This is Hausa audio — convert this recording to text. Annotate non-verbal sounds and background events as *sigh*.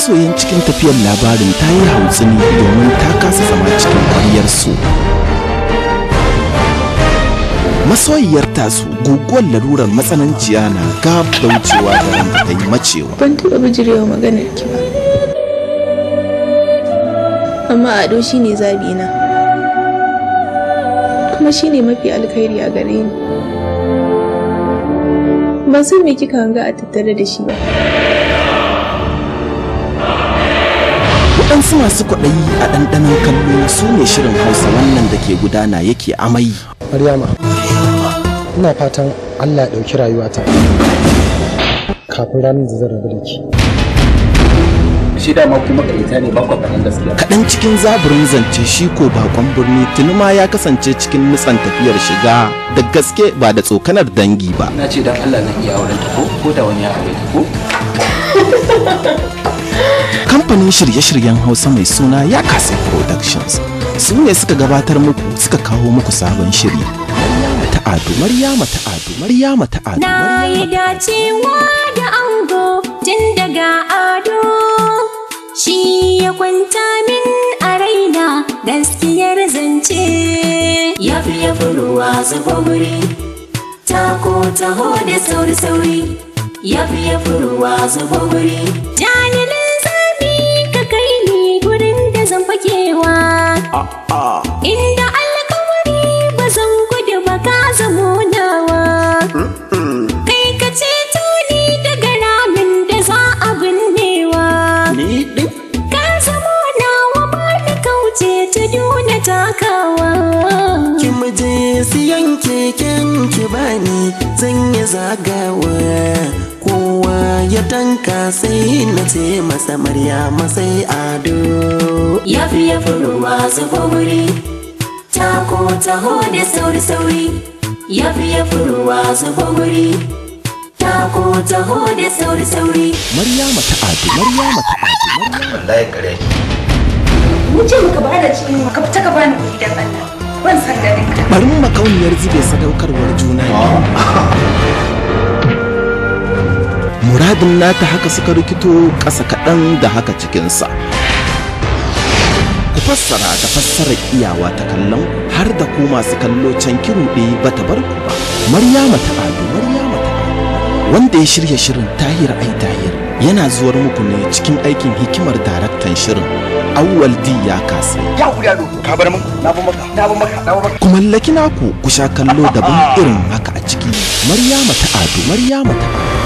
masoyan cikin tafiyar labarin ta yi hautsini domin ta kasa zama cikin ƙwaryarsu masoyiyar tasu guguwar larurar matsananciya na gab da wucewa da ran ta yi macewa ban taɓa bijirewa maganar ki ba amma ado shi ne zabi na kuma shi ne mafi alkhairi a gare ni ban san me kika hanga a tattare da shi ba waɗansu masu kwaɗayi a ɗanɗanon kallo su ne shirin hausa wannan da ke gudana yake amai maryama ina fatan allah ya ɗauki rayuwata kafin ranar da zan rabu da ke shi dama kuma makarita ne ba kwafanin gaskiya. Kaɗan cikin zaburin zance shi ko bakon birni tuni ma ya kasance cikin nutsan tafiyar shiga da gaske ba da tsokanar dangi ba. Na ce don Allah na iya auren ta ko ko da wani ya aure ta ko? *laughs* kamfanin shirye-shiryen hausa mai suna ya kasa productions su ne suka gabatar muku suka kawo muku sabon shiri ta'adu maryama ta'adu maryama ta'adu na yi dacewa da ango tun daga ado shi ya kwanta min a raina gaskiyar zance ya fi ya furuwa zubo guri tako taho da sauri-sauri ya fi ya Inda alkawari ba zan gudu ba ka zamo nawa. Kai ka ceto ni daga ramin da za a binnewa. Ka zamo nawa ba ni kauce ta duna takawa. Ki je siyan keken ki bani zan yi zagawa. kowa ya tanka sai na ce masa marya masai ado ya fi ya fi ruwa zuba wuri tako taho da sauri sauri ya fi ya fi ruwa zuba wuri tako taho da sauri sauri maryama mata ado maryama mata ado wallahi kare wuce muka bada cikin ka fita ka bani gidan Allah ban san garin ka bari mu makauniyar zube sadaukarwar juna ne. Ah. muradin nata haka suka rikito ƙasa kaɗan da haka cikinsa ku fassara da fassara iyawa ta kallon har da ku masu kallo can kiruɗe ba ta bar ku ba maryama ta ado maryama ta ado wanda ya shirya shirin tahir ai tahir yana zuwar muku ne cikin aikin hikimar daraktan shirin awwal di ya kasa ya ku yaro ka bar mun na bu maka na bu maka na bu maka ku mallaki naku ku sha kallo daban ah. irin haka a ciki maryama ta ado maryama ta ado